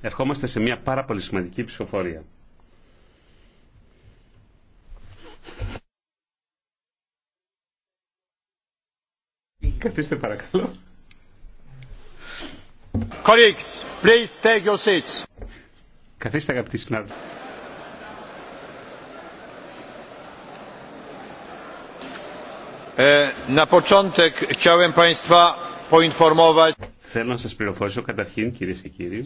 ερχόμαστε σε μια πάρα πολύ σημαντική ψηφοφορία. Καθίστε παρακαλώ. Colleagues, please take your seats. Καθίστε αγαπητοί συνάδελφοι. Ε, na początek chciałem Państwa poinformować. Θέλω να σας πληροφορήσω καταρχήν κυρίες και κύριοι